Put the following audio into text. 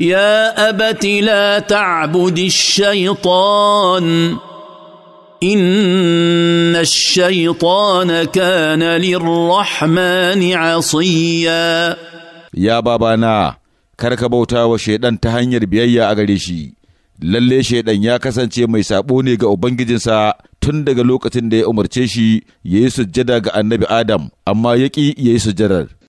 يا ابت لا تعبد الشيطان ان الشيطان كان للرحمن عصيا يا بابانا karka bauta wa shaidan ta hanyar biyayya a gare shi lalle shaidan ya kasance mai sabo ne ga ubangijinsa tun daga lokacin da ya umarce shi ya yi sujjada ga annabi adam amma ya ƙi ya yi sujjadar